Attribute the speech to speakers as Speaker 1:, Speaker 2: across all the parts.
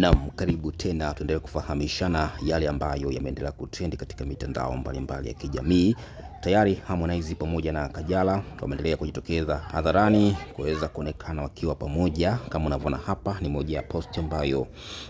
Speaker 1: Naam, karibu tena, tuendelee kufahamishana yale ambayo yameendelea kutrendi katika mitandao mbalimbali mbali ya kijamii Tayari Harmonize pamoja na Kajala wameendelea kujitokeza hadharani kuweza kuonekana wakiwa pamoja. Kama unavyoona hapa, ni moja ya posti ambayo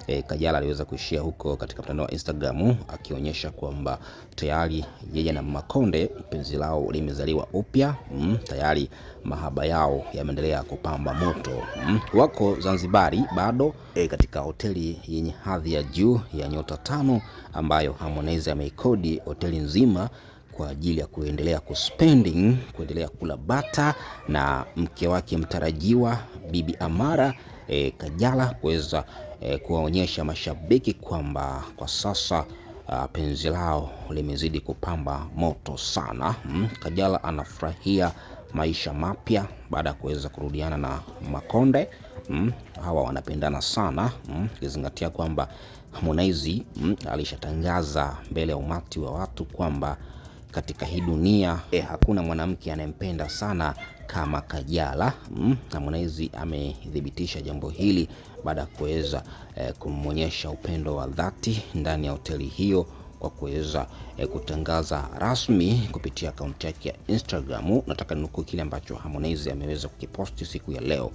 Speaker 1: e, Kajala aliweza kuishia huko katika mtandao wa Instagram akionyesha kwamba tayari yeye na Makonde mpenzi lao limezaliwa upya. Mm, tayari mahaba yao yameendelea kupamba moto. Mm, wako Zanzibari bado e, katika hoteli yenye hadhi ya juu ya nyota tano ambayo Harmonize ameikodi hoteli nzima kwa ajili ya kuendelea kuspending, kuendelea kula bata na mke wake mtarajiwa Bibi Amara e, Kajala kuweza e, kuwaonyesha mashabiki kwamba kwa sasa a, penzi lao limezidi kupamba moto sana. Mm, Kajala anafurahia maisha mapya baada ya kuweza kurudiana na Makonde. Mm, hawa wanapendana sana hmm, ukizingatia mm, kwamba Harmonize mm, alishatangaza mbele ya umati wa watu kwamba katika hii dunia eh, hakuna mwanamke anayempenda sana kama Kajala mm. Na Harmonize amethibitisha jambo hili baada ya kuweza eh, kumwonyesha upendo wa dhati ndani ya hoteli hiyo kwa kuweza eh, kutangaza rasmi kupitia akaunti yake ya Instagram. Nataka ninukuu kile ambacho Harmonize ameweza kukiposti siku ya leo,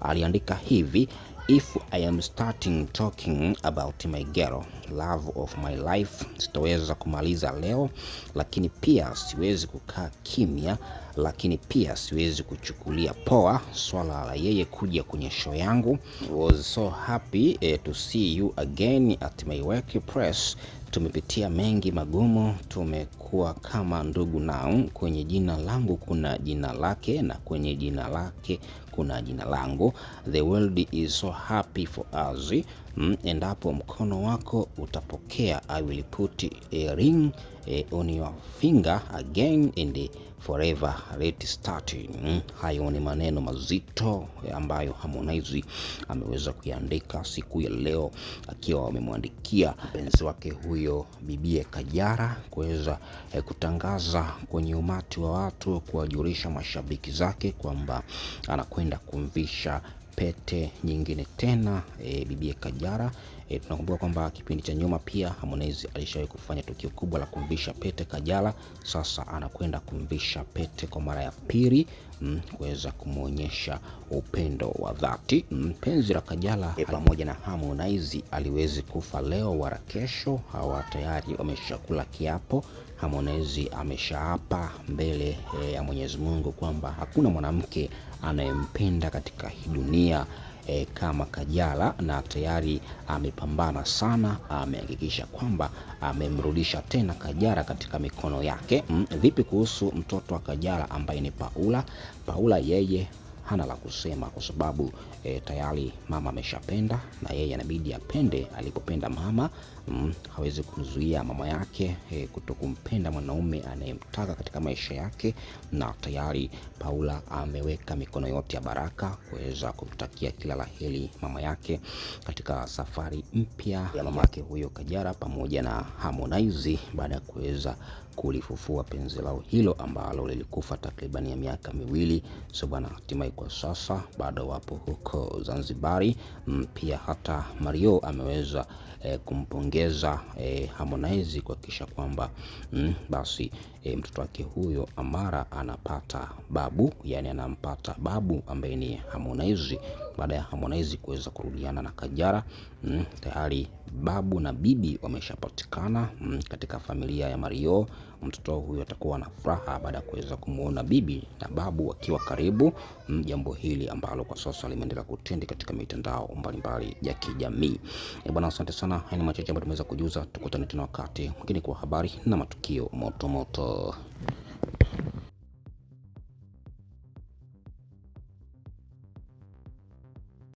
Speaker 1: aliandika hivi If I am starting talking about my girl, love of my life, sitaweza kumaliza leo, lakini pia siwezi kukaa kimya, lakini pia siwezi kuchukulia poa swala la yeye kuja kwenye show yangu. Was so happy eh, to see you again at my workplace tumepitia mengi magumu, tumekuwa kama ndugu na kwenye jina langu kuna jina lake na kwenye jina lake kuna jina langu. The world is so happy for us. Mm, endapo mkono wako utapokea, I will put a ring eh, on your finger again and forever late start. Mm, hayo ni maneno mazito eh, ambayo Harmonize ameweza kuiandika siku ya leo, akiwa amemwandikia mpenzi wake huyo bibie kajara kuweza eh, kutangaza kwenye umati wa watu, kuwajulisha mashabiki zake kwamba anakwenda kumvisha pete nyingine tena eh, bibie kajara E, tunakumbuka kwamba kipindi cha nyuma pia Harmonize alishawahi kufanya tukio kubwa la kumvisha pete Kajala. Sasa anakwenda kumvisha pete kwa mara ya pili mm, kuweza kumwonyesha upendo wa dhati mm. Penzi la Kajala pamoja na Harmonize aliwezi kufa leo wala kesho, hawa tayari wameshakula kiapo. Harmonize ameshaapa mbele eh, ya Mwenyezi Mungu kwamba hakuna mwanamke anayempenda katika hii dunia e, kama Kajala, na tayari amepambana sana, amehakikisha kwamba amemrudisha tena Kajala katika mikono yake. Mm, vipi kuhusu mtoto wa Kajala ambaye ni Paula? Paula yeye hana la kusema, kwa sababu e, tayari mama ameshapenda na yeye anabidi apende alipopenda mama. Mm, hawezi kumzuia mama yake e, eh, kuto kumpenda mwanaume anayemtaka katika maisha yake, na tayari Paula ameweka mikono yote ya baraka kuweza kumtakia kila la heli mama yake katika safari mpya ya mama yake huyo Kajala pamoja na Harmonize baada ya kuweza kulifufua penzi lao hilo ambalo lilikufa takriban ya miaka miwili. So bwana, hatimaye kwa sasa bado wapo huko Zanzibari. Mm, pia hata Mario ameweza e, kumpongeza e, Harmonize kuhakikisha kwamba mm, basi e, mtoto wake huyo Amara anapata babu, yani anampata babu ambaye ni Harmonize. Baada ya Harmonize kuweza kurudiana na Kajala mm, tayari babu na bibi wameshapatikana mm, katika familia ya Mario mtoto huyu atakuwa na furaha baada ya kuweza kumwona bibi na babu wakiwa karibu, mm, jambo hili ambalo kwa sasa limeendelea kutendi katika mitandao mbalimbali ya kijamii. E bwana, asante sana. Haya ni machache ambayo tumeweza kujuza. Tukutane tena wakati mwingine kwa habari na matukio motomoto.